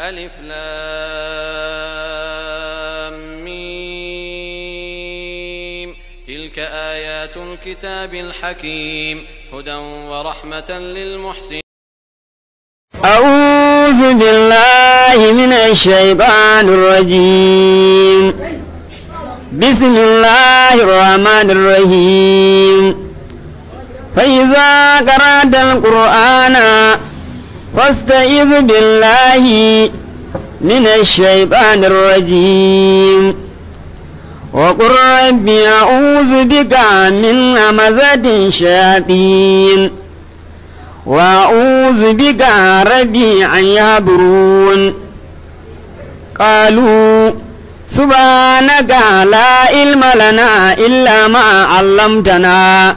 ألف لام ميم تلك آيات الكتاب الحكيم هدى ورحمة للمحسنين أعوذ بالله من الشيطان الرجيم بسم الله الرحمن الرحيم فإذا قرأت القرآن فاستعذ بالله من الشيطان الرجيم وقل ربي أعوذ بك من همزات الشياطين وأعوذ بك ربي أن يهبرون قالوا سبحانك لا علم لنا إلا ما علمتنا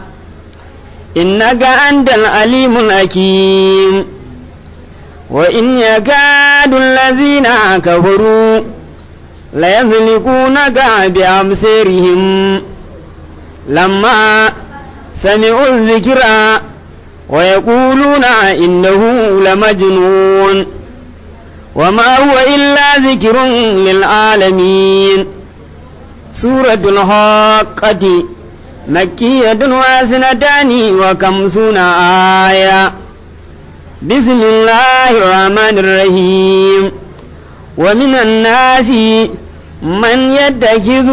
إنك أنت العليم الحكيم وإن يكاد الذين كفروا ليزلقونك بأبصارهم لما سمعوا الذكر ويقولون إنه لمجنون وما هو إلا ذكر للعالمين سورة الحاقة مكية وسنتان وكمسون آية بسم الله الرحمن الرحيم ومن الناس من يتخذ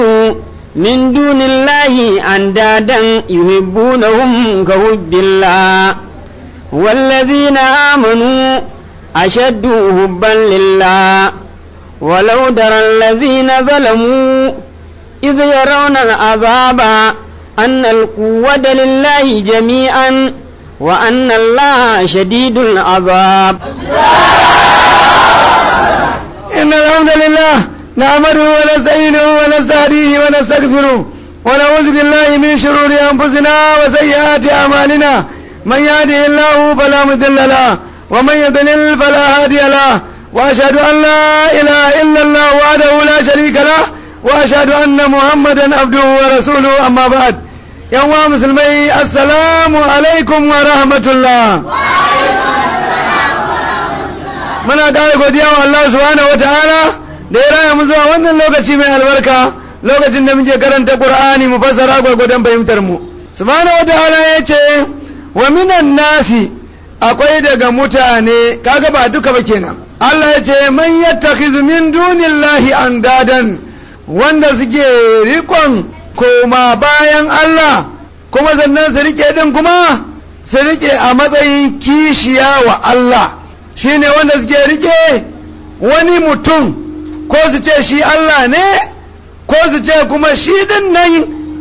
من دون الله أندادا يحبونهم كحب الله والذين آمنوا أشد حبا لله ولو ترى الذين ظلموا إذ يرون العذاب أن القوة لله جميعا وأن الله شديد العذاب إن الحمد لله نعمده ونستعينه ونستهديه ونستغفره ونعوذ بالله من شرور أنفسنا وسيئات أعمالنا من يهده الله فلا مضل له ومن يضلل فلا هادي له وأشهد أن لا إله إلا الله وحده لا شريك له وأشهد أن محمدا عبده ورسوله أما بعد yan wa musulmai assalamu alaikum wa rahmatullah muna ƙara godiya wa Allah subhanahu wa ta'ala da ya raya mu zuwa wannan lokaci mai albarka lokacin da muke karanta Qur'ani mu fassara gwagwadon fahimtar mu subhanahu wata ta'ala ya ce wa minan nasi akwai daga mutane kaga ba duka ba kenan Allah ya ce man yattakhizu min dunillahi andadan wanda suke rikon koma bayan Allah kuma sannan su rike din kuma su rike a matsayin kishiya wa Allah shine wanda suke rike wani mutum ko su ce shi Allah ne ko su ce kuma shi din nan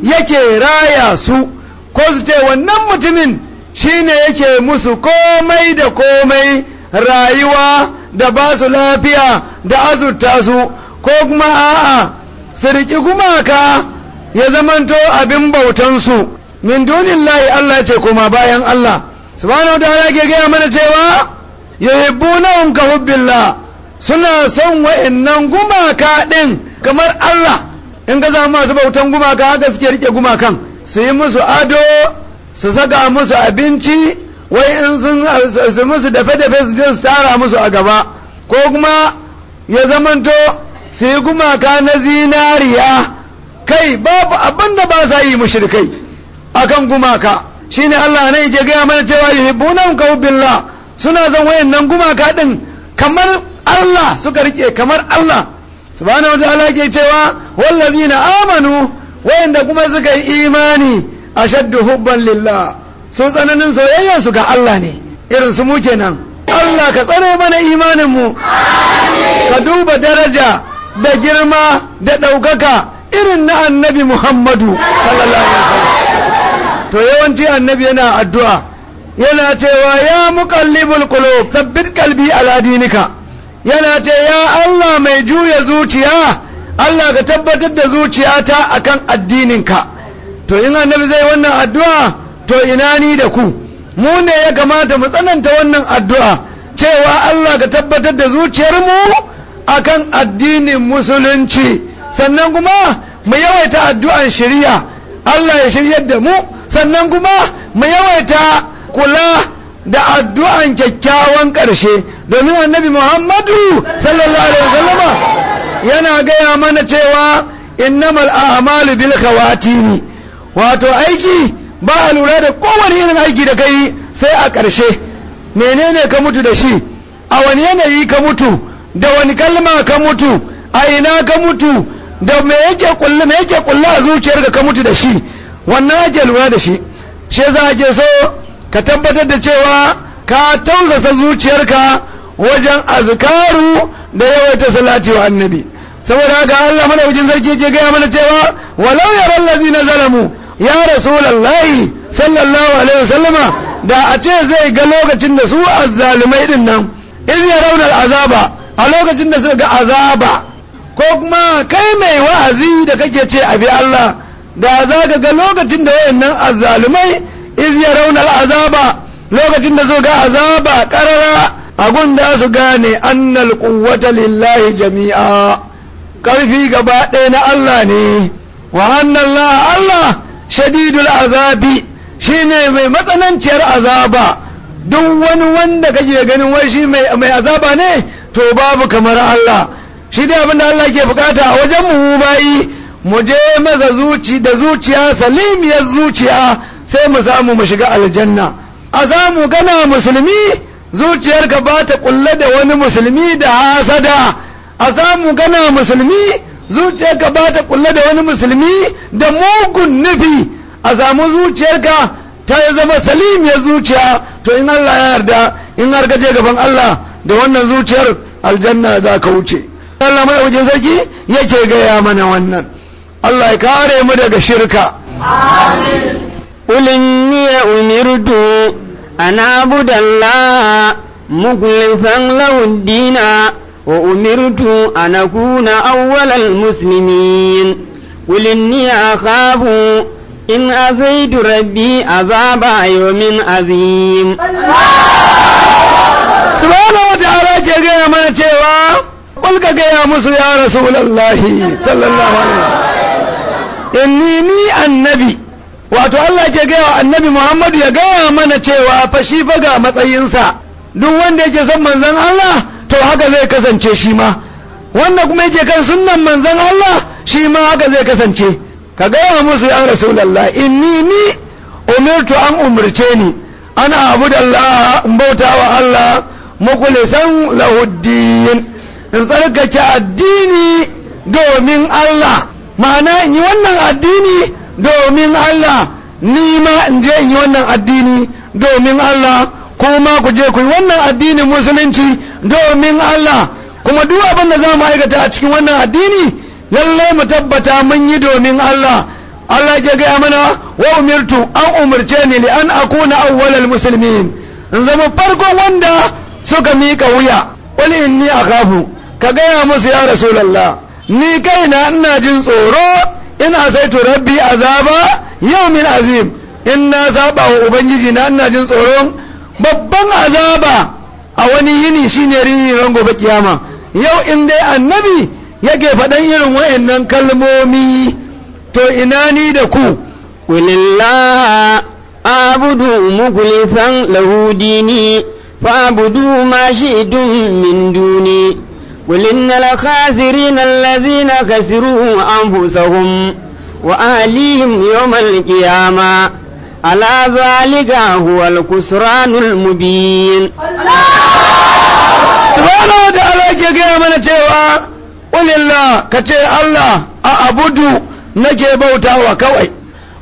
yake raya su ko su ce wannan mutumin shine yake musu komai da komai rayuwa da ba su lafiya da azurta su ko kuma a'a su kuma gumaka ya zamanto abin bautansu min dunillahi Allah ce kuma bayan Allah subhanahu ta'ala ke gaya mana cewa yuhibbunahum ka hubbillah suna son wa'annan gumaka din kamar Allah in za zama masu bautan gumaka haka suke rike gumakan su yi musu ado su saka musu abinci wai in sun su musu dafe-dafe su je su tara musu a gaba ko kuma ya zamanto su yi gumaka na zinariya kai babu abin da ba za yi mushrikai akan gumaka shine Allah ne ke gaya mana cewa yuhibbunahum ka hubbillah suna zan nan gumaka din kamar Allah suka rike kamar Allah subhanahu wataala ke cewa wallazina amanu wayanda kuma suka yi imani ashaddu hubban lillah su tsananin soyayya su ga Allah ne irin su mu kenan Allah ka tsare mana imanin mu ka duba daraja da girma da ɗaukaka irin na annabi muhammadu to yawanci annabi yana addu'a yana cewa ya muqallibul qulub tabbit qalbi ala dinika yana ce ya Allah mai juya zuciya Allah ka tabbatar da zuciyata akan addininka to in annabi zai wannan addu'a to ina ni da ku mu ne ya kamata mu tsananta wannan addu'a cewa Allah ka tabbatar da zuciyarmu akan addinin musulunci sannan kuma mu yawaita addu'an shari'a Allah ya shirya da mu sannan kuma mu yawaita kula da addu'an kyakkyawan ƙarshe domin annabi Muhammadu sallallahu alaihi wasallam yana gaya mana cewa innamal a'malu bil khawatimi wato aiki ba a lura da kowane irin aiki da kai sai a ƙarshe menene ka mutu da shi a wani yanayi ka mutu da wani kalma ka mutu a ina ka mutu da me yake kullu me yake kullu a zuciyar ka ka mutu da shi wannan ake lura da shi shi za a ke so ka tabbatar da cewa ka tausasa zuciyarka wajen azkaru da yawaita salati wa annabi saboda haka Allah mana madaukakin sarki yake gaya mana cewa walau yara na zalamu ya rasulullahi sallallahu alaihi wasallama da a ce zai ga lokacin da su azzalumai din nan in rauna azaba a lokacin da suka ga azaba ko kuma kai mai wa'azi da kake ce a bi Allah da za ka ga lokacin da wayannan azzalumai iz ya raunar azaba lokacin da zo ga azaba karara a gunda su gane annal quwwata lillahi jami'a karfi gaba ɗaya na Allah ne wa annallahu Allah shadidul azabi shine mai matsananciyar azaba duk wani wanda kake ganin wai shi mai azaba ne to babu kamar Allah shi dai abinda Allah ke bukata a wajen mu bayi mu je maza zuci da zuciya salimiyar zuciya sai mu samu mu shiga aljanna a za mu gana musulmi zuciyarka ba ta kulle da wani musulmi da hasada a za mu gana musulmi zuciyarka ba ta kulle da wani musulmi da mugun nufi a zamu zuciyarka ta zama salimiyar zuciya to in Allah ya yarda in har gaje gaban Allah da wannan zuciyar aljanna za ka wuce Allah mai wajen sarki yake gaya mana wannan. Allah ya kare mu daga shirka. Amin. niya umirtu ana abuda Allah mukhlishan lahud dina wa umirtu an awwalal muslimin. niya akhabu in azaitu rabbi azaba yawmin azim. Subhanahu wa ta'ala ce gaya mana cewa ka gaya musu ya rasulallahi sallallahu alaihi inni ni annabi wato Allah ke gaya wa annabi Muhammadu ya gaya mana cewa fa shi fa ga matsayinsa duk wanda yake san manzon Allah to haka zai kasance shi ma wanda kuma yake kan sunnan manzon Allah shi ma haka zai kasance ka gaya musu ya rasulullah inni ni umirtu an umurce ni ana abudallah in bauta wa Allah mukulisan lahuddin in tsarkake addini domin Allah ma'ana in yi wannan addini domin Allah ni ma in je in yi wannan addini domin Allah kuma ku je ku yi wannan addinin musulunci domin Allah kuma duk abin da za mu aikata a cikin wannan addini lalle mu tabbata mun yi domin Allah Allah ya gaya mana wa umirtu an umurce ni li an akuna awwalal muslimin in zama farkon wanda suka miƙa wuya wani inni akhafu ka gaya musu ya rasulallah ni kai na ina jin tsoro ina sai rabbi azaba yau min azim in na zaba wa ubangiji na ina jin tsoron babban azaba a wani yini shine rini ran gobe kiyama yau in dai annabi yake faɗan irin wayannan kalmomi to ina ni da ku kulillah abudu mukulifan Lahudini, fa abudu ma shi'tum min duni قل إن الخاسرين الذين خسروا أنفسهم وأهليهم يوم القيامة ألا ذلك هو الكسران المبين سبحانه وتعالى كي من تيوا قل الله كتير الله أعبد نجي بوتا وكوي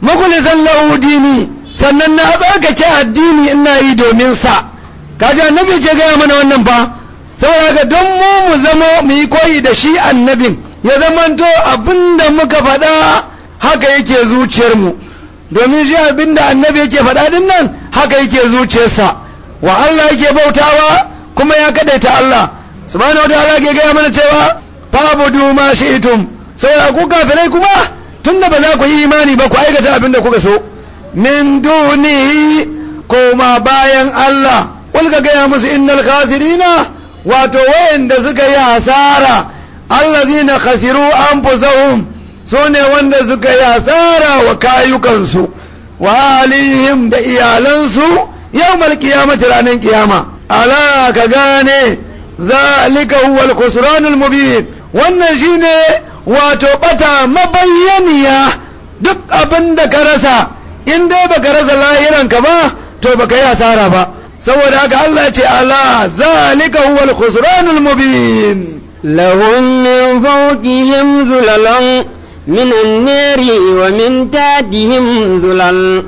ما مخلصا له ديني sannan na tsarkake الديني ina يدو من سا kaji نبي ke من ونبا saboda ga don mu mu zama mu yi koyi da shi annabin ya zamanto abinda muka faɗa haka yake zuciyarmu domin shi abinda annabi yake faɗa din nan haka yake zuciyarsa wa Allah yake bautawa kuma ya kadaita Allah subhanahu wataala ke gaya mana cewa fabudu ma shi'tum saboda ku kafirai kuma tunda ba za ku yi imani ba ku aikata abinda kuka so min dunihi koma bayan Allah kulka gaya musu innal khasirina wato wayanda suka yi hasara allazina khasiru anfusahum sune wanda suka yi hasara wa kayukansu wa alihim da iyalansu yawmal qiyamati ranar kiyama ala ka gane zalika huwa al-khusranul wannan shine wato bata mabayyaniya duk abinda ka rasa in dai baka rasa lahiranka ba to baka yi hasara ba saboda haka Allah ce ala zalika huwa khusranul mubin lahum min fawqihim zulalan min an-nari wa min tatihim zulal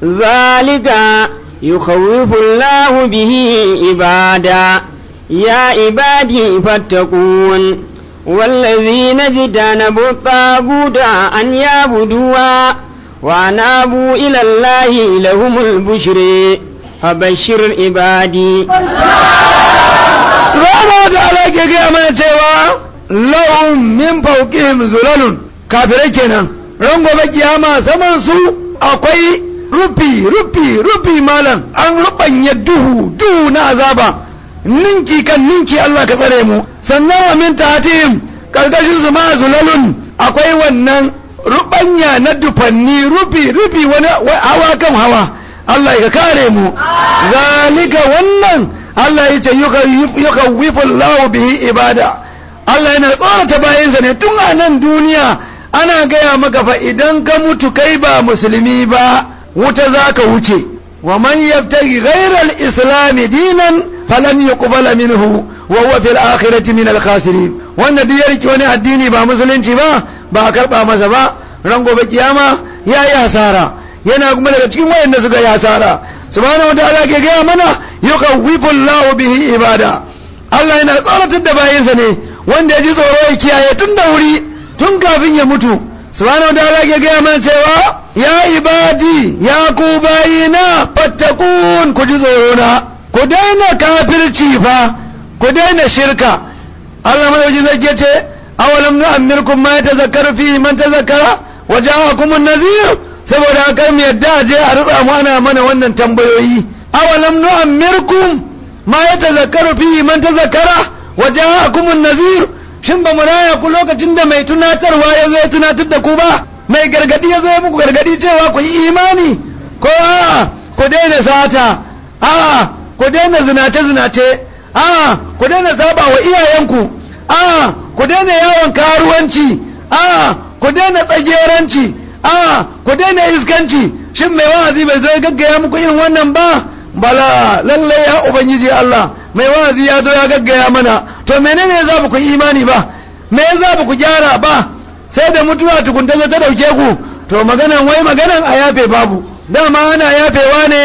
zalika yukhawwifu Allahu bihi ibada ya ibadi fattaqun والذين اجتنبوا الطاغوت أن يعبدوها ونابوا إلى الله لهم البشر فبشر عبادي سبحانه وتعالى كي أمانا cewa لهم من فوقهم زلل kafirai kenan ran gobe kiyama saman akwai rufi rufi rufi malam an rubanya duhu duhu na azaba ninki kan ninki Allah ka tsare mu sannan wa min tatim karkashin su ma zulalun akwai wannan rubanya na dufanni rufi rufi wani hawa kan hawa Allah ya kare mu zalika wannan Allah ya ce yukawwiful lawo bihi ibada Allah yana tsorata bayansa ne tun a nan duniya ana gaya maka fa idan ka mutu kai ba musulmi ba wuta za ka wuce wa man yabtaghi ghayra islam dinan falan yuqbala minhu wa huwa fil akhirati min al-khasirin duk yarki wani addini ba musulunci ba ba karba masa ba ran gobe kiyama yayi asara yana kuma daga cikin wayanda suka yi asara subhanahu ta'ala ke gaya mana yukhawwifu Allahu bihi ibada Allah yana tsoratar da bayinsa ne wanda ya ji tsoro ya kiyaye tun da wuri tun kafin ya mutu subhanahu ta'ala ke gaya mana cewa ya ibadi ya ku bayina fattakun ku ji tsoro na ku daina kafirci fa ku daina shirka Allah madauki zai ce awalam nu'ammirkum ma yatazakkaru fi man tazakkara wa nadhir saboda aka mu yadda je a rutsa mana mana wannan tambayoyi awalam amirkum ma yatazakkaru fihi man tazakkara wa ja'akum an-nazir shin ba mu raya ku lokacin da mai tunatarwa ya zo ya tunatar da ku ba mai gargadi ya zo muku gargadi cewa ku yi imani ko a ku daina sata a ku daina zinace zinace a ku daina saba wa iyayenku a ku daina yawon karuwanci a ku daina tsageranci ah ku daina iskanci shin mai wa'azi bai zai gaggaya muku irin wannan ba bala lallai ya ubangiji Allah mai wa'azi ya zo ya gaggaya mana to menene za ku imani ba me za ku gyara ba sai da mutuwa tukunta zo ta dauke ku to magana wai maganan a yafe babu dama ana yafewa ne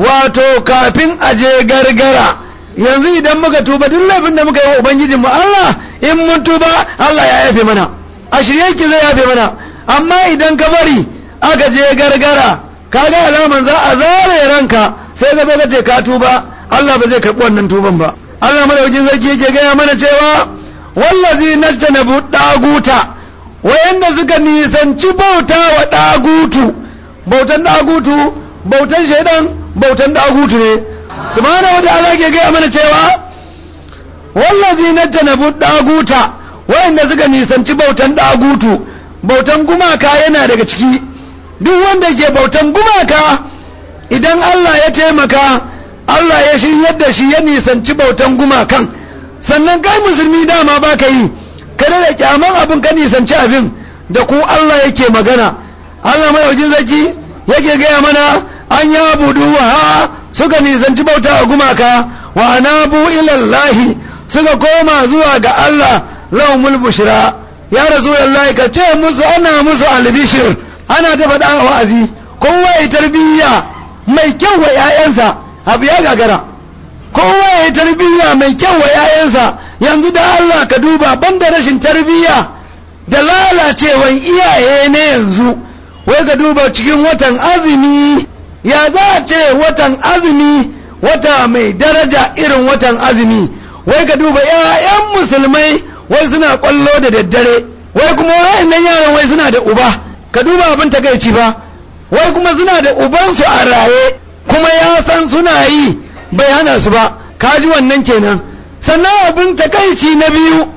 wato kafin a je gargara yanzu idan muka tuba duk laifin da muka yi wa ubangijinmu Allah in mun tuba Allah ya yafe mana a shirye ki zai yafe mana amma idan ka bari aka je gargara ka ga alaman za a zare ranka sai ka zo ka ce ka tuba Allah ba zai karɓi wannan tuban ba Allah madaukin sarki yake gaya mana cewa wallazi najtanabu daguta wayanda suka nisanci bauta wa dagutu bautan dagutu bautan shaidan bautan dagutu ne wa ta'ala ke gaya mana cewa wallazi najtanabu daguta wayanda suka nisanci bautan dagutu bautan gumaka yana daga ciki duk wanda ke bautan gumaka idan Allah ya taimaka Allah ya shiryar yadda shi ya nisanci bautan gumakan sannan kai musulmi dama ba ka yi kada da kyaman abin ka nisanci abin da ku Allah yake magana Allah mai wajen zaki yake gaya mana an yi abudu wa suka nisanci bauta a gumaka wa anabu ilallahi suka koma zuwa ga Allah laumul bushra ya rasulullahi ka ce musu ana musu albishir ana ta faɗa a wa'azi kowa ya tarbiyya mai kyau wa 'ya'yansa abu ya gagara kowa ya tarbiyya mai kyau wa 'ya'yansa yanzu da Allah ka duba banda rashin tarbiyya da lalacewan iyaye ne yanzu wai ka duba cikin watan azumi ya za a ce watan azumi wata mai daraja irin watan azumi wai ka duba 'ya'yan musulmai wai suna kwallo da daddare wai kuma nan yaran wai suna da uba ka duba abin takaici ba wai kuma suna da ubansu a raye kuma ya san suna yi bai hana su ba ka ji wannan kenan sannan abin takaici na biyu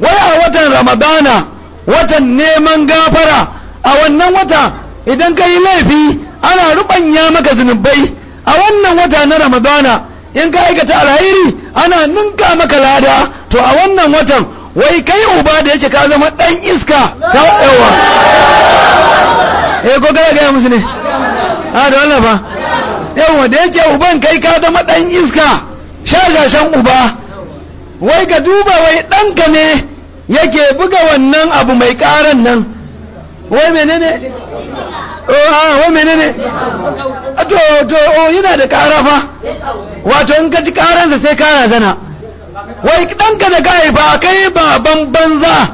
wai a watan ramadana watan neman gafara a wannan wata idan ka yi laifi ana rubanya maka zunubai a wannan wata na ramadana in ka aikata alhairi ana ninka maka lada to a wannan watan wai kai uba da yake ka zama dan iska ta yawa eh ko gara gaya musu ne a ah, da wannan fa yawa da yake uban kai ka zama dan iska shashashan uba wai ka duba wai ɗanka ne yake buga wannan abu mai ƙaran nan wai menene oh ah, wai menene ah, to to oh, yana da ƙara fa wato in ka ji ƙaransa sai ka zana. wai ɗanka da kai ba kai banza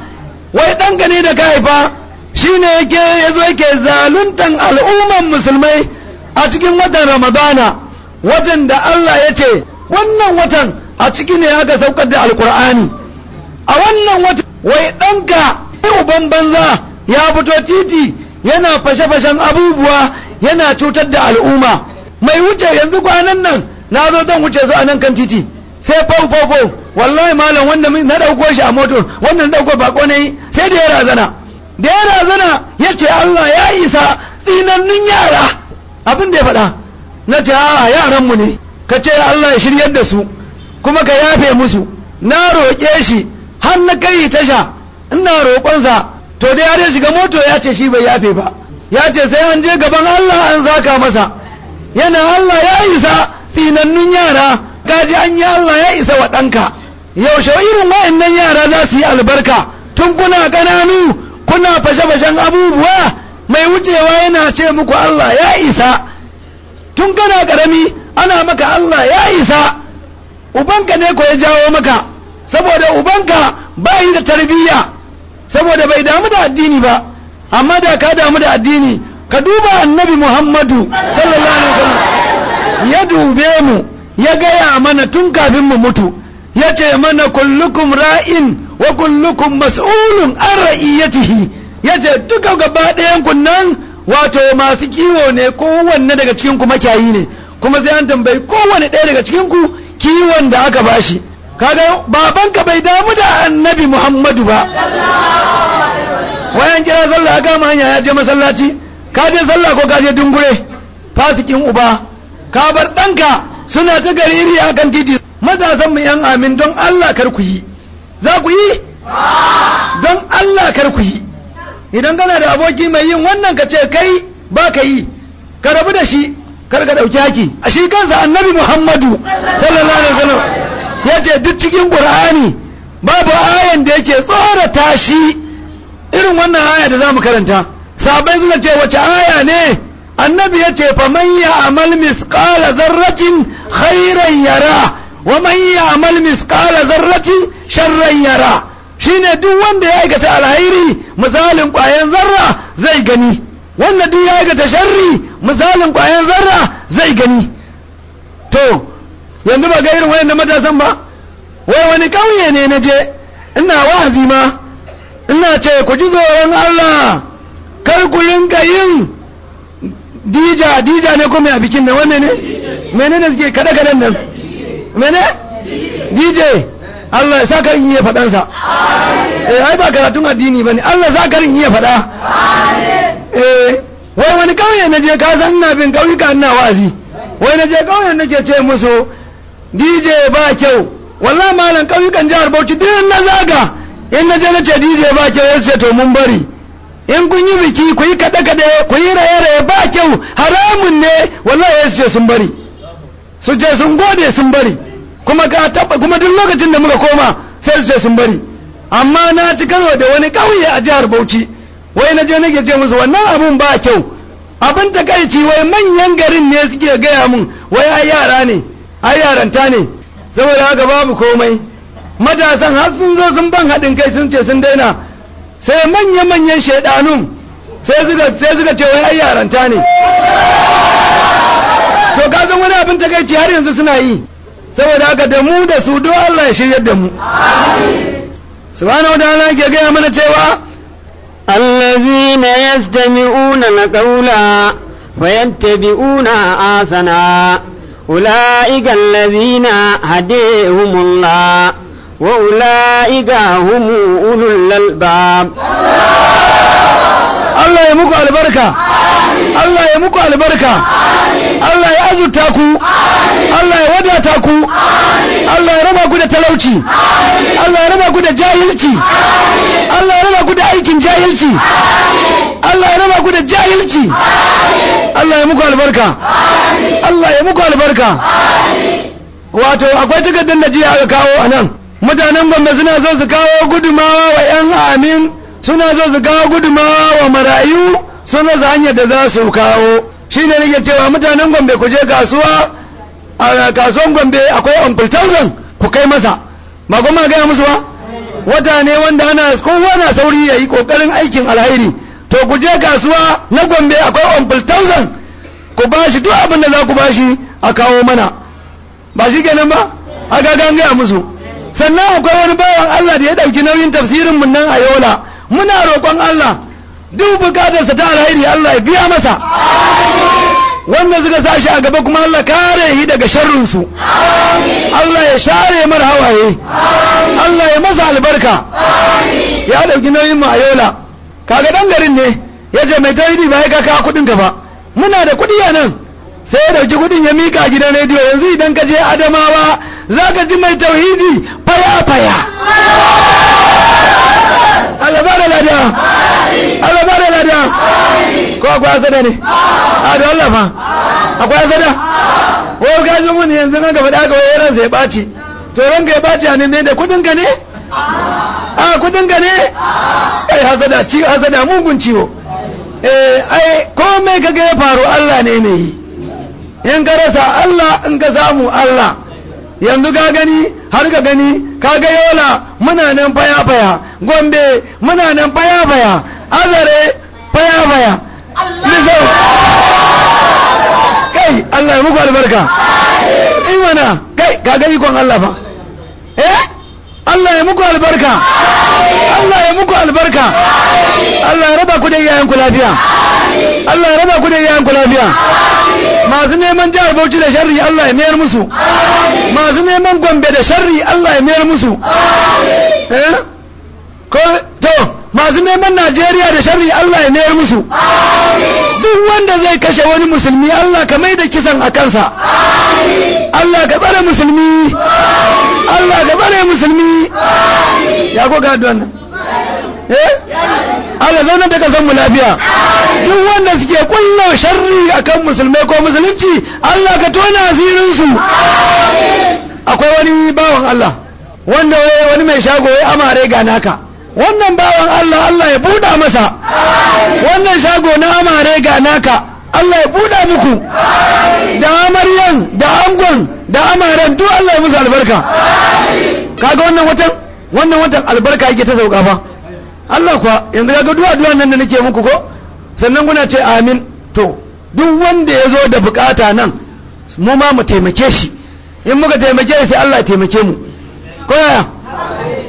wai ɗanka ne da kai ba shi ne yake ya zo yake zaluntan al'umman musulmai a cikin watan ramadana watan da Allah ya ce wannan watan a ciki ne aka saukar da alkur'ani a wannan watan wai ɗanka uban banza ya fito titi yana fashe-fashen abubuwa yana cutar da al'umma mai wuce yanzu kwanan nan na zo zan wuce su a nan kan titi sai fau fau fau wallahi malam wanda na dauko shi a moto wannan dauko bako ne sai da ya razana da ya razana ya ce Allah ya isa tsinannun yara abin da ya faɗa na ce a yaran mu ne ka ce Allah ya shiryar da su kuma ka yafe musu na roƙe shi har na kai tasha ina roƙonsa to da ya shiga moto ya ce shi bai yafe ba ya ce sai an je gaban Allah an zaka masa yana Allah ya isa tsinannun yara kaji an yi Allah ya isa wa ɗanka yaushe irin wa'annan yara za su yi albarka tun kuna ƙananu kuna fashe-fashen abubuwa mai wucewa yana ce muku Allah ya isa tun kana ƙarami ana maka Allah ya isa ubanka ne ko ya jawo maka saboda ubanka bayi da tarbiyya saboda bai damu da addini ba amma da ka damu da addini ka duba annabi muhammadu sallallahu alaihi wasallam ya dube mu ya gaya mana tun kafin mu mutu ya ce mana kullukum ra'in wa kullukum mas'ulun an ra'iyatihi ya ce duka gaba ɗayan kunnan wato masu kiwo ne kowanne daga cikin ku makiyayi ne kuma sai an tambayi kowanne ɗaya daga cikin ku kiwon da aka bashi kaga babanka bai damu da annabi muhammadu ba wayan kira sallah aka ma hanya ya je masallaci ka je sallah ko ka je dungure fasikin uba ka bar ɗanka suna ta gariri akan titi mazazan mu yan amin don Allah kar ku yi za ku yi don Allah kar ku yi idan kana da aboki mai yin wannan ka ce kai ba ka yi ka rabu da shi kar ka dauki haki a shi kansa annabi Muhammadu sallallahu alaihi wasallam ya ce duk cikin Qur'ani babu ayan da yake tsorata shi irin wannan aya da zamu karanta sabai suna ce wace aya ne annabi ya ce fa man ya amal misqala zarratin khairan yara wa man ya'mal misqala zarrati sharran yara shine duk wanda ya aikata alhairi misalin ƙwayan zarra zai gani wanda duk ya aikata sharri misalin ƙwayan zarra zai gani to yanzu ba ga irin wayan da matasan ba wai wani ƙauye ne na je ina wa'azi ma ina ce ku ji tsoron Allah kar ku rinka yin dija dija ne ko mai a bikin ne wanne ne menene suke kada kadan nan mene dj Allah ya saka in ya faɗansa eh ai ba karatun addini bane Allah saka in ya faɗa eh wai wani kauye na je ka san na bin kauyuka ina wazi wai na je kauye nake ce musu dj ba kyau wallahi malam kauyukan jihar Bauchi din na zaga in na je na ce dj ba kyau sai to mun bari in kun yi biki ku yi kaɗe-kaɗe ku yi raye-raye ba kyau haramun ne wallahi sai ce sun bari su je sun gode sun bari kuma ka taba kuma duk lokacin da muka koma sai su sun bari amma na ci karo da wani ƙauye a jihar Bauchi wai na je nake ce musu wannan abun ba kyau abin ta takaici wai manyan garin ne suke gaya mun wai ai yara ne ai yaranta ne saboda haka babu komai matasan har sun zo sun ban haɗin kai sun ce sun daina sai manya-manyan shaidanun sai suka ce wai ai yaranta ne to ka san wani abin ta takaici har yanzu suna yi saboda haka da mu da su duk Allah ya shiryar da mu subhanahu wataala ke gaya mana cewa allazina yastami'una alqawla fayattabi'una ahsana أولئك الذين wa الله وأولئك هم أولو الألباب Allah ya muku albarka Allah ya muku albarka Allah ya azurta ku Allah ya wadata ku Allah ya raba ku da talauci Allah ya raba ku da jahilci Allah ya raba ku da aikin jahilci Allah ya raba ku da jahilci Allah ya muku albarka Allah ya muku albarka wato akwai takardar da jiya aka kawo a nan mutanen Bambe suna so su kawo gudumawa wa 'yan amin suna so su kawo gudunmawa wa marayu sun rasa hanyar da za su kawo shi ne nake cewa mutanen gombe ku je kasuwa a kasuwan gombe akwai uncle ku kai masa ba kuma gaya musu ba wata ne wanda ana kowa na sauri ya yi kokarin aikin alhairi to ku je kasuwa na gombe akwai uncle ku ba shi duk abin da za ku ba shi a kawo mana ba shi kenan ba a gagan gaya musu sannan akwai wani bawan allah da ya ɗauki nauyin tafsirin mun nan a yola muna roƙon Allah duk bukatarsa ta alheri Allah ya biya masa wanda suka sashi a gaba kuma Allah kare shi daga sharrinsu Allah ya share mar hawaye Allah ya masa albarka ya dauki nauyin mu a yola kaga dan garin ne ya je mai tawhidi ba ya ka kawo kudin ka ba muna da kuɗi a nan sai ya ɗauki kuɗin ya mika gidan rediyo yanzu idan ka je Adamawa za ka ji mai tauhidi faya faya Allah ba da lada Allah ba da lada ko akwai asada ne a da Allah fa akwai asada ko ka ji mun yanzu kan gaba da aka wayar ransa ya ɓaci to ranka ya ɓaci a ne da kudin ka ne a kudin ka ne ai hasada ciwo hasada mugun ciwo eh ai komai kaga ya faru Allah ne mai yi in ka rasa Allah in ka samu Allah yanzu ka gani har ka gani ka ga yola muna nan faya-faya gombe muna nan faya-faya azare faya-faya nisau kai allah ya muku albarka imana kai ka ga ikon allah fa eh allah ya muku albarka allah ya muku albarka allah ya raba ku da iyayenku lafiya allah ya raba ku da iyayenku lafiya masu neman jihar bauchi da sharri Allah ya mayar musu masu neman gombe da sharri Allah ya mayar musu eh? to masu neman najeriya da sharri Allah ya mayar musu duk wanda zai kashe wani musulmi Allah ka mai da kisan a kansa Allah ka tsare musulmi Allah ka tsare musulmi ya ko ga wannan eh Allah zauna da kasan mu lafiya duk wanda suke kullu sharri akan musulmai ko musulunci Allah ka tona asirin su akwai wani bawan Allah wanda wani mai shago ya amare ga naka wannan bawan Allah Allah ya buda masa wannan shago na amare ga naka Allah ya buda muku da amaryan da angon da amaren duk Allah ya musu albarka kaga wannan watan wannan watan albarka yake ta sauka fa Allah kuwa yanzu ga duk addu'a nan da nake muku ko sannan kuna ce amin to duk wanda ya zo da bukata nan mu ma mu taimake shi in muka taimake shi sai Allah ya taimake mu ko yaya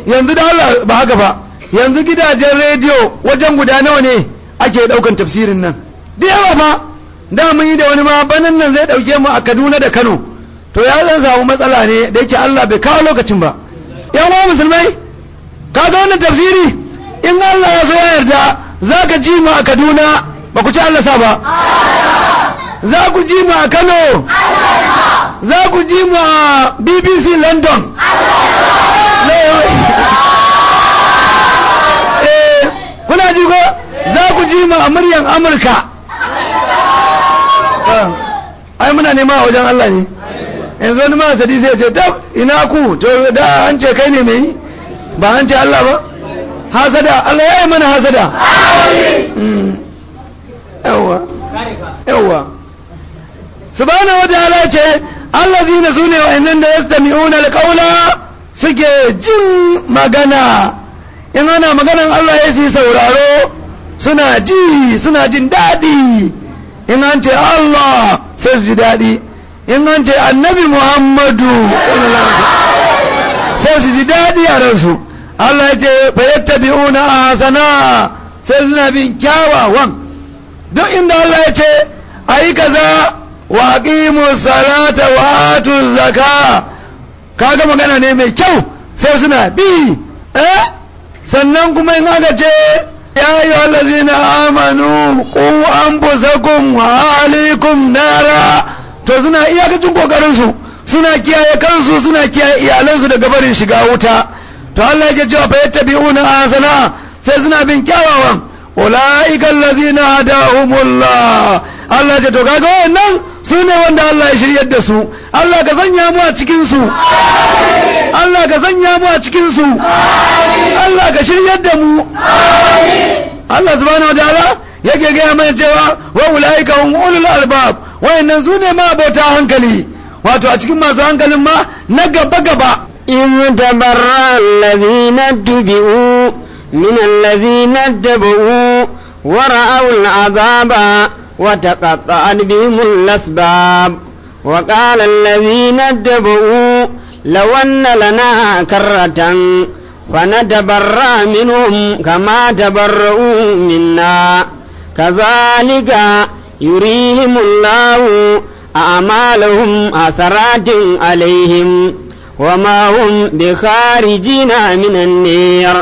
yanzu da Allah ba haka ba yanzu gidajen rediyo wajen guda nawa ne ake daukan tafsirin nan da yawa ma da mun yi da wani ma banan nan zai dauke mu a Kaduna da Kano to ya zan samu matsala ne da yake Allah bai kawo lokacin ba yan uwa musulmai kaga wannan tafsiri in Allah ya so ya yarda za ka ji mu a Kaduna ba ku ci Allah sa ba za ku ji mu a Kano za ku ji mu a BBC London eh, kuna ji ko za ku ji mu a muryan Amurka ai muna nema wajen Allah ne yanzu wani ma sadi sai ce ta ina ku to da an ce kai ne mai ba an ce Allah ba hazada Allah ya yi mana hazada. yawa yawa subhanahu wa ta'ala ce allazina sune wa'annan da yastami'una alqawla suke jin magana in ana maganan Allah ya yi sauraro suna ji suna jin daɗi in an ce Allah sai su ji daɗi in an ce annabi Muhammadu sai su ji daɗi a ransu Allah ya ce fayattabi'una ahsana sai suna bin kyawawan duk inda Allah ya ce ayi kaza wa aqimu salata wa atu zaka kaga magana ne mai kyau sai suna bi eh sannan kuma in aka ce ya yi allazina amanu qu anfusakum wa alaikum nara to suna iyakacin kokarin su suna kiyaye kansu suna kiyaye iyalansu daga barin shiga wuta to Allah yake cewa fa yattabi'una ahsana sai suna bin kyawawan ulaika allazina hadahumullah Allah ya to kaga wannan su ne wanda Allah ya shiryar da su Allah ka sanya mu a cikin su Allah ka sanya mu a cikin su Allah ka shiryar da mu Allah subhanahu wataala yake gaya mana cewa wa ulaika hum ulul albab wayannan su ne ma abota hankali wato a cikin masu hankalin ma na gaba gaba إذ تبرأ الذين اتبعوا من الذين اتبعوا ورأوا العذاب وتقطعت بهم الأسباب وقال الذين اتبعوا لو أن لنا كرة فنتبرأ منهم كما تبرؤوا منا كذلك يريهم الله أعمالهم أثرات عليهم وما هم بخارجين من النير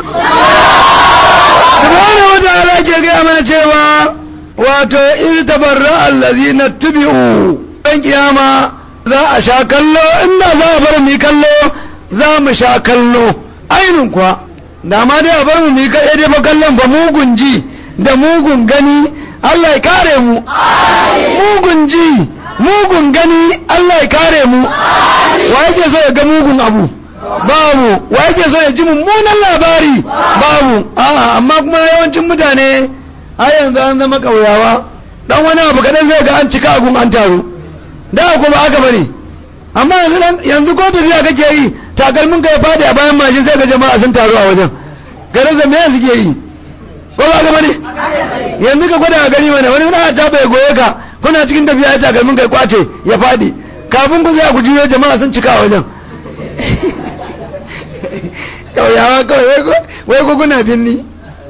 سبحانه وتعالى كيف من cewa wato iz tabarra allazina tubi'u dan kiyama za a sha kallo inda za a bar mu kallo za mu sha kallo ainun kuwa da dai a bar mu mi kai dai ba kallon mugun ji da mugun gani Allah ya kare mu mugun ji mugun gani Allah ya kare mu wa yake so ya ga mugun abu babu wa yake so ya ji mummunan labari babu a'a amma kuma yawancin mutane a yanzu an zama kauyawa dan wani abu kadan zai ga an cika agun an taro da ko ba aka bari amma yanzu yanzu ko tafiya kake yi takalmin ka ya fadi a bayan mashin sai ga jama'a sun taru a wajen gare da me suke yi ko ba haka bari yanzu ka gwada a gani mana wani wani na ta bai goye ka kuna cikin tafiya ya takalmin kai kwace ya faɗi kafin ku zai ku juyo jama'a sun cika wajen kauyawa kawai wai ku kuna binni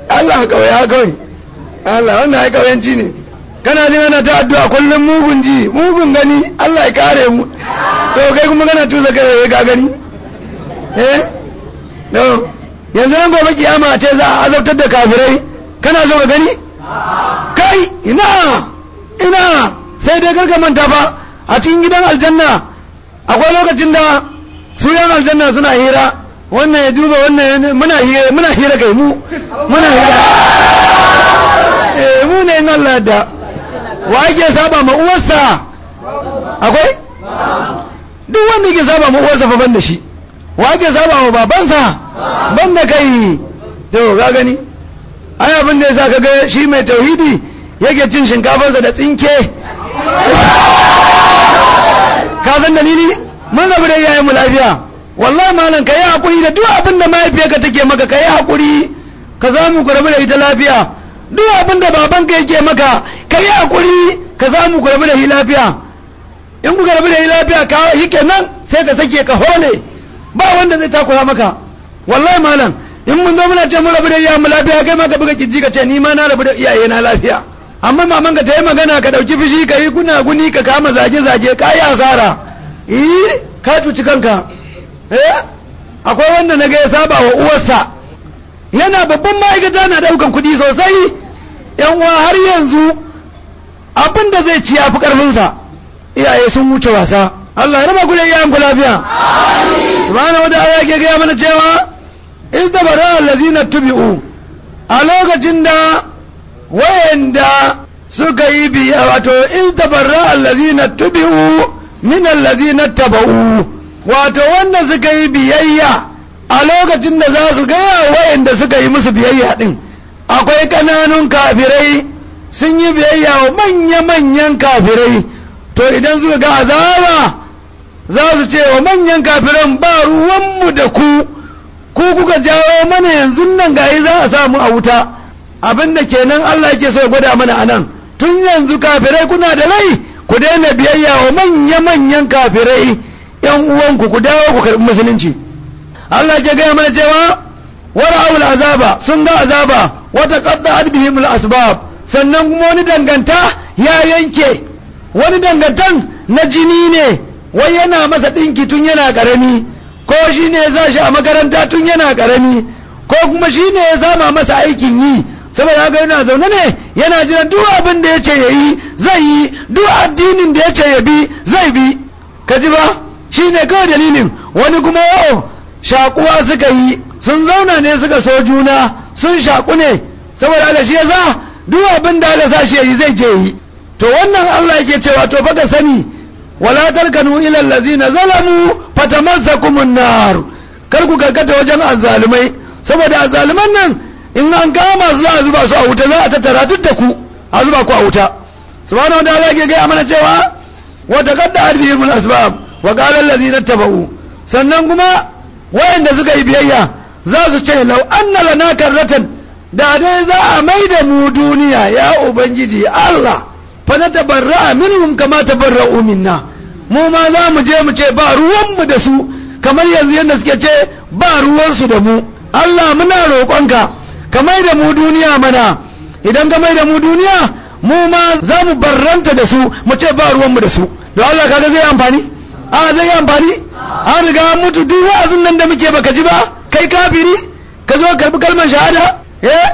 Allah kauyawa kawai Allah wannan ya kauyanci ne kana jin ana ta addu'a kullum mugun ji mugun gani Allah ya kare mu to kai kuma kana tuza kai ka gani eh no yanzu nan gobe kiyama ce za a azabtar da kafirai kana zo ka gani kai ina ina sai dai karka manta fa a cikin gidan aljanna akwai lokacin da su yan aljanna suna hira wannan ya duba wannan ya muna hira muna hira kai mu muna hira eh mu ne in Allah da wa ake saba ma uwarsa akwai duk wanda yake saba ma uwarsa fa ban da shi wa ake saba ma babansa ban da kai to ga gani ai abin da sa kaga shi mai tauhidi yake cin shinkafansa da tsinke ka san dalili mun rabu da iyayenmu lafiya wallahi malam ka yi hakuri da duk abin da mahaifiyarka take maka ka yi hakuri ka za ku rabu da ita lafiya duk abin da babanka yake maka ka yi hakuri ka za ku rabu da shi lafiya in kuka rabu da yi lafiya ka shi kenan sai ka sake ka hole ba wanda zai takura maka wallahi malam in mun zo muna ce mun rabu da iyayenmu lafiya kai ma ka buga kirji ka ce ni ma na rabu da iyayena lafiya amma maman ka ta yi magana ka ɗauki fushi ka yi guna guni ka kama zage-zage ka yi asara eh ka cuci kanka eh akwai wanda na ga ya saba wa uwarsa yana babban ma'aikata na ɗaukan kuɗi sosai yan uwa har yanzu abin da zai ci ya fi ƙarfinsa iyaye sun wuce wasa Allah ya raba da yayan ku lafiya subhanahu wa ta'ala yake gaya mana cewa izdabara da bara allazina tubi'u a lokacin da wayanda suka yi biya wato in tabarra allazina tubi'u min allazina taba'u wato wanda suka yi biyayya a lokacin da za su gaya wayanda suka yi musu biyayya din akwai kananun kafirai sun yi biyayya wa manya-manyan kafirai to idan suka ga azaba za su ce wa manyan kafiran ba ruwanmu da ku ku kuka jawo mana yanzu nan gayi za a samu a wuta abinda kenan Allah yake so ya gwada mana anan tun yanzu kafirai kuna da rai ku daina biyayya wa manya-manyan kafirai yan uwanku ku dawo ku karbi musulunci Allah ya gaya mana cewa wara'ul azaba sun ga azaba wata qadda'at adbihim al-asbab sannan kuma wani danganta ya yanke wani dangantan na jini ne wai yana masa ɗinki tun yana karami ko shi ne ya shi a makaranta tun yana karami ko kuma shi ne ya zama masa aikin yi saboda haka yana zaune ne yana jiran duk abin da ya ce ya yi zai yi duk addinin da ya ce ya bi zai bi ka ji ba shi ne kawai dalilin wani kuma o oh, shakuwa suka yi sun zauna ne suka so juna sun shaku ne saboda Allah shi yasa duk abin da Allah sa shi zai je yi to wannan Allah yake cewa to baka sani wala tarkanu ila allazina zalamu fatamassakumun nar kar ku karkata wajen azzalumai saboda azzaluman nan in an kama su za a zuba su a wuta za a tattara duk da ku a zuba ku a wuta subhanahu wa ta'ala yake gaya mana cewa wa taqadda bihim al-asbab wa qala allazina tabau sannan kuma wayanda suka yi biyayya za su ce law anna lana karratan da dai za a mai da mu duniya ya ubangiji Allah fa na tabarra minhum kama tabarra minna mu ma za mu je mu ce ba ruwan mu da su kamar yanzu yadda suke ce ba ruwansu da mu Allah muna roƙonka ka mai da mu duniya mana idan ka mai da mu duniya mu ma za mu barranta da su mu ce ba ruwanmu da su don Allah ga zai amfani a zai amfani an riga mutu duk wa'azin nan da muke baka ji ba kai kafiri ka zo karbi kalmar shahada eh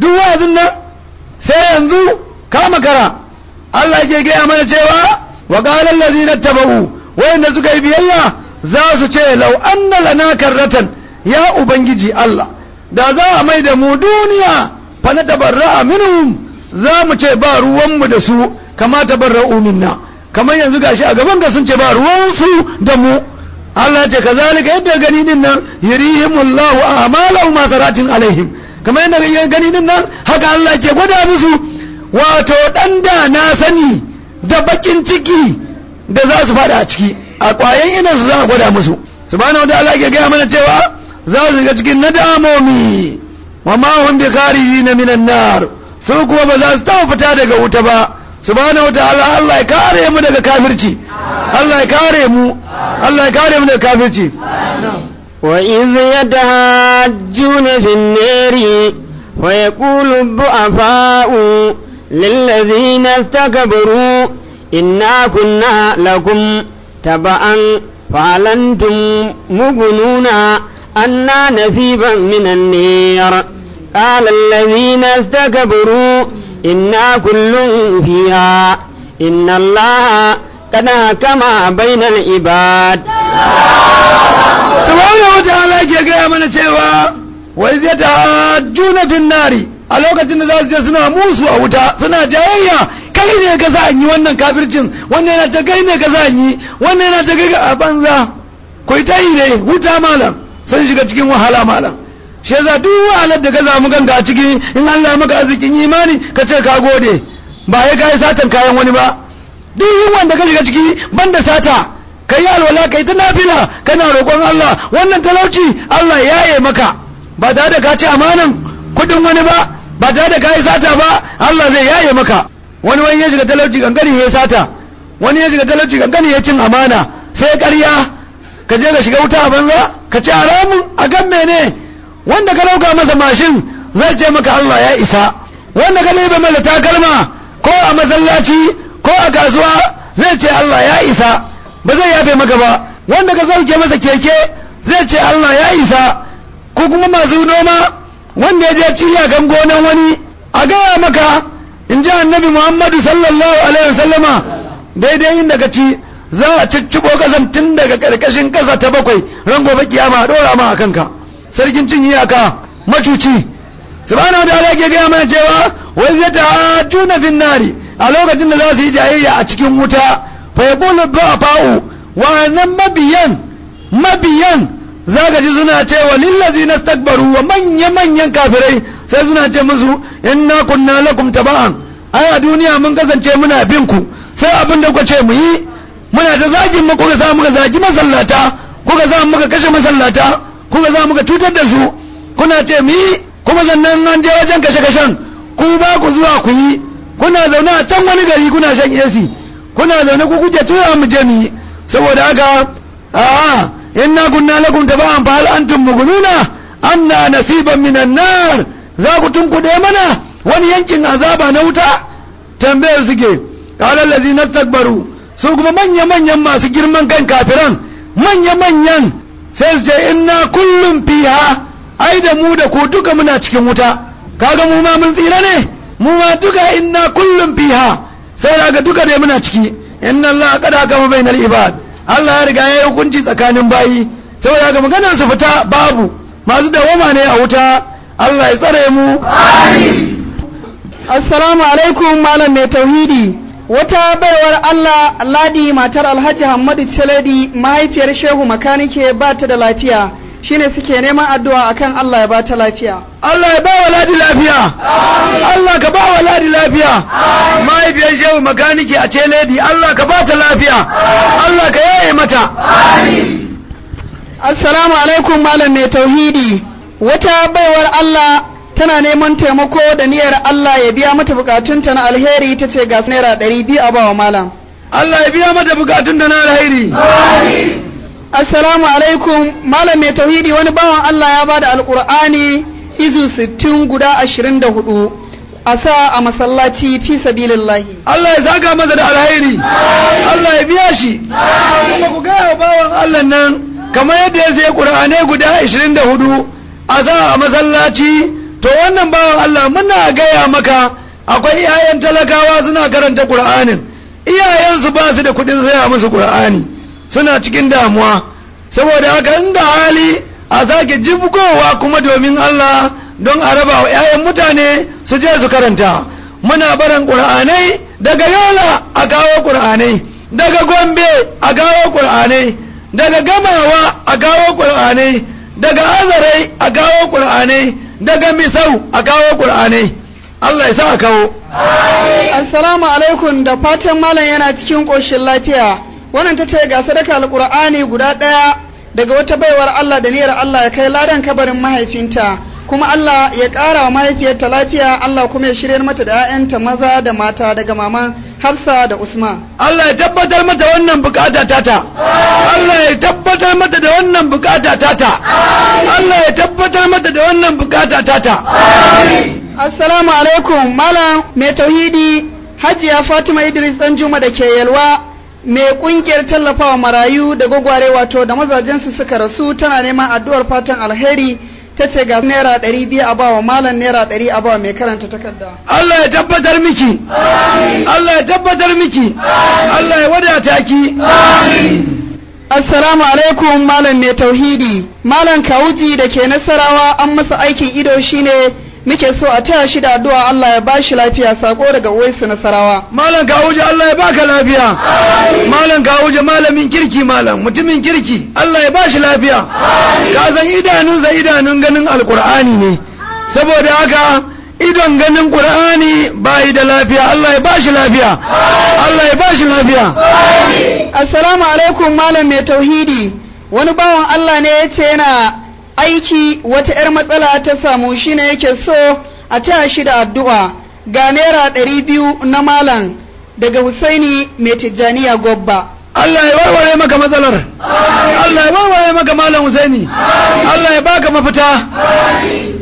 duk wa'azin nan sai yanzu ka makara Allah ke gaya mana cewa wa qala allazina tabau wayanda suka yi biyayya za su ce lau anna lana karratan ya ubangiji Allah da za a mai da mu duniya fa na tabarra'a minhum za mu ce ba ruwan mu da su kama tabarra'u minna kamar yanzu gashi a gaban ga sun ce ba ruwansu da mu Allah ce kazalika yadda gani din nan yurihimullahu a'malahum masaratin alaihim kamar yadda gani din nan haka Allah ce gwada musu wato dan da na sani da bakin ciki da za su fada a ciki a kwayan idan su za a gwada musu subhanahu wa ta'ala ke gaya mana cewa za su ga cikin nadamomi wa ma hum bi na minan nar su kuma ba za su taɓa fita daga wuta ba subhanahu ta'ala Allah ya kare mu daga kafirci Allah ya kare mu Allah ya kare mu daga kafirci وإذ يتهاجون في النار ويقول الضعفاء للذين استكبروا إنا كنا لكم تبعا فعلنتم mughununa أنا نثيبا من النير قال الذين استكبروا إنا كل فيها إن الله قد حكم بين العباد سبحانه وتعالى ke gaya mana cewa يتعجون zai ta juna fin nari a lokacin da za su je suna musu a wuta suna jayayya kai ne ka za yi wannan kafircin wannan yana ta kai ne ka za yi wannan yana ta kai a banza yi ne wuta malam sun shiga cikin wahala malam shi yasa duk wahalar da ka samu kanka a ciki in Allah maka arzikin imani ka ce ka gode ba ya kai satan kayan wani ba duk yunwan da ka shiga ciki banda sata ka yi alwala ka yi ta nafila kana roƙon Allah wannan talauci Allah ya yi maka ba tare da ka ci amanan kuɗin wani ba ba tare da ka yi sata ba Allah zai yaye maka wani wani ya shiga talauci kankani ya sata wani ya shiga talauci kankani ya cin amana sai ƙarya ka je ka shiga wuta a banza ka ci haramun a kan mene wanda ka dauka masa mashin zai ce maka Allah ya isa wanda ka lebe masa takalma ko a masallaci ko a kasuwa zai ce Allah ya isa ba zai yafe maka ba wanda ka sauke masa keke zai ce Allah ya isa ko kuma masu noma wanda ya je ciya kan gonan wani a gaya maka in ji annabi muhammadu sallallahu alaihi wasallama daidai inda ka ci za a ciccibo kasan tun daga karkashin kasa ta bakwai ran gobe kiyama dora ma a kanka sarkin cin iyaka macuci subhanahu ta'ala ke gaya mana cewa wai ya ta fin nari a lokacin da za su yi jayayya a cikin wuta fa ya ba fa'u wa nan mabiyan mabiyan ka ji suna cewa lillazina istakbaru wa manya manyan kafirai sai suna ce musu inna kunna lakum taba'an ai a duniya mun kasance muna bin ku sai abin da kuka ce mu yi muna ta zagin mu kuka sa muka zagi masallata kuka sa muka kashe masallata kuka sa muka cutar da su kuna ce mi kuma sannan an je wajen kashe kashen ku ba ku zuwa ku yi kuna zaune a can wani gari kuna shan AC kuna zaune ku kuke tura mu je mi saboda haka a'a inna kunna lakum tabaan fa hal antum mughnuna anna nasiban minan nar za ku tunkude mana wani yankin azaba na wuta tambayar suke qala allazi nastakbaru su kuma manya-manyan masu girman kan kafiran manya-manyan sai su je inna kullum fiha ai da mu da ku duka muna cikin wuta kaga mu ma mun tsira ne mu ma duka inna kullum fiha sai daga duka ne muna ciki inna Allah qad hakama na ibad Allah ya riga ya yi hukunci tsakanin bayi sai daga maganar su fita babu masu dawama ne a wuta Allah ya tsare mu amin assalamu alaikum malam mai tauhidi wata baiwar Allah ladi matar alhaji Hamadu Chaledi mahaifiyar shehu makanike ba ta da lafiya shine suke neman addu'a akan Allah ya ba ta lafiya Allah ya ba wa ladi lafiya Allah ka ba wa ladi lafiya mahaifiyar shehu makanike a Chaledi Allah ka ba ta lafiya Allah ka yaye mata assalamu alaikum malam mai tauhidi wata baiwar Allah tana neman taimako da niyyar Allah ya biya mata bukatunta na alheri ta ce ga naira ɗari biyu a bawa malam. Allah ya biya mata bukatunta na alheri. Assalamu alaikum malam mai tauhidi wani bawan Allah ya bada alkur'ani izu sittin guda ashirin da hudu a sa a masallaci fi sabilillahi. Allah ya zaga masa da alheri. Allah ya biya shi. Kuma ku gaya bawan Allah nan kamar yadda ya sai Qur'anai guda ashirin da hudu a sa a masallaci to wannan bawan Allah muna gaya maka akwai iyayen talakawa suna karanta Qur'anin iyayensu ba su da kuɗin saya musu Qur'ani suna cikin damuwa saboda haka inda hali a zaki jibgowa kuma domin Allah don a raba wa 'ya'yan mutane su je su karanta muna barin ƙur'anai daga yola a kawo ƙur'anai daga gombe a kawo ƙur'anai daga gamawa a kawo ƙur'anai daga azarai a kawo ƙur'anai daga misau a kawo ƙur'anai Allah ya sa a kawo assalamu alaikum da fatan malam yana cikin ƙoshin lafiya wannan ta ce ga sadaka alƙur'ani guda ɗaya daga wata baiwar Allah da niyyar Allah ya kai ladan kabarin mahaifinta kuma Allah ya ƙara wa mahaifiyarta lafiya Allah kuma ya shirya mata da 'ya'yanta maza da mata daga mama Hafsa da Usman. Allah ya tabbatar mata wannan bukata tata. Allah ya tabbatar mata da wannan bukata tata. Allah ya tabbatar mata da wannan bukata tata. Assalamu alaikum malam mai tauhidi Hajiya Fatima Idris dan Juma da ke Yalwa mai kungiyar tallafawa marayu da gwagware wato da mazajensu suka rasu tana neman addu'ar fatan alheri ta ce ga naira ɗari biyu a bawa malam naira ɗari a bawa mai karanta takarda. Allah ya tabbatar miki. Allah ya tabbatar miki. Allah ya wadata ki. Assalamu alaikum malam mai tauhidi. Malam Kawuji da ke nasarawa an masa aikin ido shine muke so a taya shi da addu'a Allah ya bashi lafiya sako daga su Nasarawa malam Gawuje Allah ya baka lafiya malam Gawuje malamin kirki malam mutumin kirki Allah ya bashi lafiya ka san za idanun ganin alkur'ani ne saboda haka idon ganin ƙur'ani bayi da lafiya Allah ya bashi lafiya Allah ya bashi lafiya assalamu alaikum malam mai tauhidi wani bawan Allah ne ya ce yana aiki wata 'yar matsala ta samu shi ne yake so a taya shi da addu'a ga naira ɗari biyu na malam daga Husaini mai tijjaniya gobba. Allah ya warware maka matsalar. Allah ya warware maka malam Husaini. Allah ya baka mafita.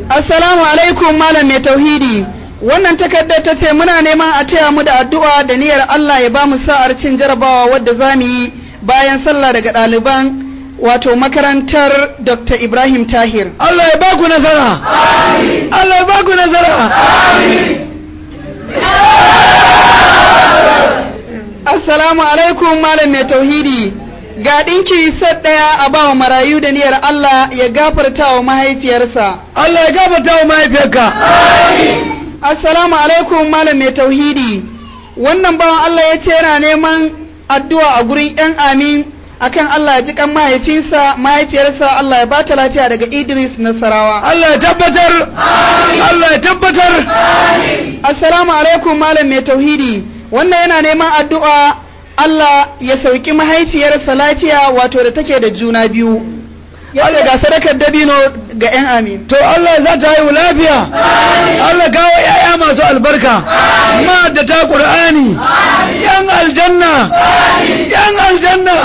Assalamu alaikum malam mai tauhidi. Wannan takardar ta ce muna neman a taya mu da addu'a da niyyar Allah ya ba mu sa'ar cin jarabawa wadda za mu yi bayan sallah daga ɗaliban wato makarantar Dr. Ibrahim Tahir. Allah ya ba ku nazara. Allah ya ba ku nazara. Assalamu alaikum malam mai tauhidi. Ga ɗinki set ɗaya a bawa marayu da niyyar Allah ya gafarta wa mahaifiyarsa. Allah ya gafarta wa mahaifiyarka. Assalamu alaikum malam mai tauhidi. Wannan bawan Allah ya ce yana neman addu'a a gurin ‘yan amin akan Allah ya ji kan mahaifinsa mahaifiyarsa Allah ya ba ta lafiya daga Idris Nasarawa Allah ya tabbatar Allah ya tabbatar Assalamu alaikum malam mai tauhidi wannan yana neman addu'a Allah ya sauki mahaifiyarsa lafiya wato da take da juna biyu Allah ga sadakar dabino ga yan amin to Allah za ta haihu lafiya Allah kawo yaya masu albarka ma da ta qur'ani yan aljanna yan aljanna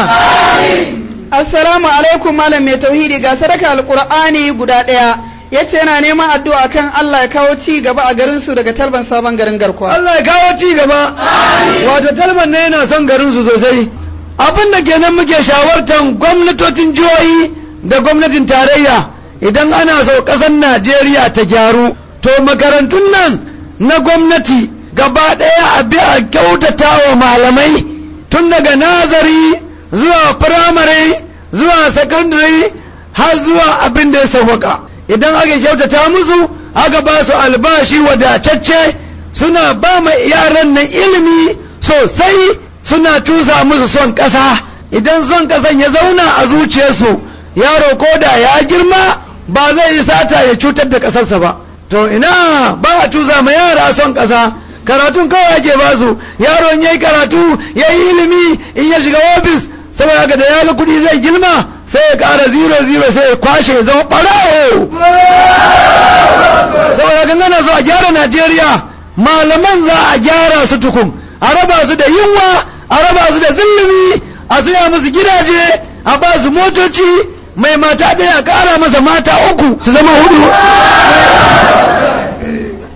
assalamu alaikum malam mai tauhidi ga sadaka alqur'ani guda daya yace yana neman addu'a kan Allah ya kawo ci gaba a garin su daga talban sabon garin garkuwa Allah ya kawo ci gaba wato talban ne yana son garin su sosai abin da kenan muke shawartan gwamnatocin jihohi da gwamnatin tarayya idan ana so ƙasar najeriya ta gyaru to makarantun nan na gwamnati gaba ɗaya a bi a kyautata wa malamai tun daga nazari zuwa firamare zuwa sakandare har zuwa abin da ya sauwaka idan aka kyautata musu aka ba su albashi wadatacce suna ba ma yaran nan ilimi sosai suna tusa musu son ƙasa idan son ƙasan ya zauna a zuciyarsu yaro ko da ya girma ba zai yi sata ya cutar da ƙasarsa ba to ina ba a tuza ma yara son ƙasa karatun kawai ake ba su yaro in yi karatu ya yi ilimi in ya shiga ofis saboda ga da ya ga kuɗi zai girma sai ya ƙara zero zero sai ya kwashe ya zama ɓarawo saboda ga nana so a gyara najeriya malaman za a gyara su tukun a raba su da yunwa a raba su da zillumi a saya musu gidaje a ba su motoci mai mata da ya kara masa mata uku su zama hudu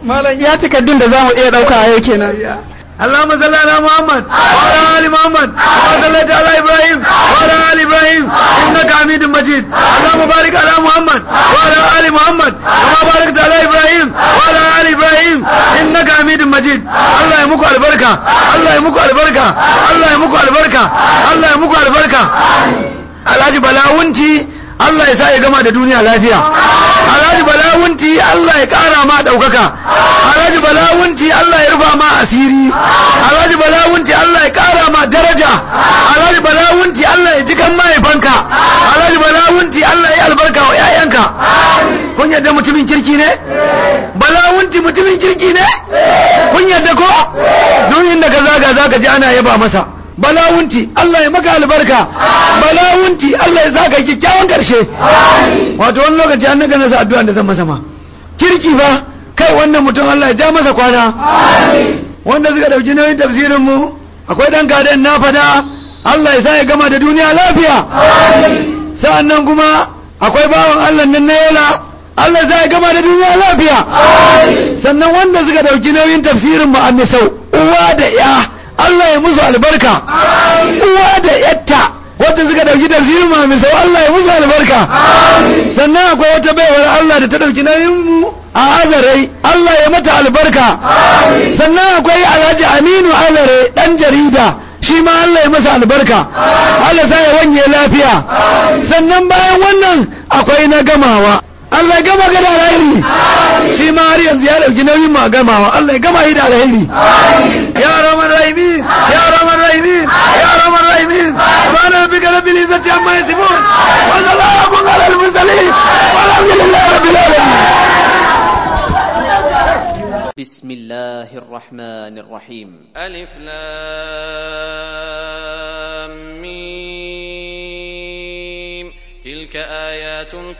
malam ya takaddun da zamu iya dauka a yau kenan Allah mazala na Muhammad, wa Ali Muhammad, wa zalata ala Ibrahim, wa Ali Ibrahim, inna ka amidin majid. Allah mubarak ala Muhammad, wa Ali Muhammad, wa mubarak ta ala Ibrahim, wa Ali Ibrahim, inna ka amidin majid. Allah ya muku albarka, Allah ya muku albarka, Allah ya muku albarka, Allah ya muku albarka. Amin. alhaji balawunti Allah ya sa ya gama da duniya lafiya alhaji balawunti Allah ya kara ma daukaka alhaji balawunti Allah ya rufa ma asiri alhaji balawunti Allah ya kara ma daraja alhaji balawunti Allah ya jikan mahaifanka alhaji balawunti Allah ya albarka wa ƴaƴanka kun yadda mutumin kirki ne balawunti mutumin kirki ne kun yadda ko duk inda ka zaga zaka ji ana yaba masa balawunti Allah ya maka albarka bala hukunci Allah ya saka kyakkyawan karshe wato wani lokaci an naga nasa addu'a da zan masa ma kirki ba kai wannan mutum Allah ya ja masa kwana wanda suka ɗauki nauyin tafsirin mu akwai ɗan gaden na fada Allah ya sa ya gama da duniya lafiya sa'annan kuma akwai bawan Allah nan na yola Allah za ya gama da duniya lafiya sannan wanda suka ɗauki nauyin tafsirin mu a misau uwa da ya Allah ya musu albarka uwa da yatta wacce suka dauki tafsirin ma misau Allah ya musu albarka sannan akwai wata baiwar Allah da ta dauki nauyin mu a azare Allah ya mata albarka sannan akwai Alhaji Aminu Azare dan jarida shi ma Allah ya masa albarka Allah sa ya wanye lafiya sannan bayan wannan akwai na gamawa الله كما قال عليه امين شي ماري زياره جنوي ما كما الله كما يدا عليه امين يا رب الرحيمين يا رب الرحيمين يا رب الرحيمين وانا بك رب العزه يا ما يسبون وانا لا اقول على المرسلين والحمد لله رب العالمين بسم الله الرحمن الرحيم الف لام مين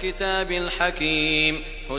الكتاب الحكيم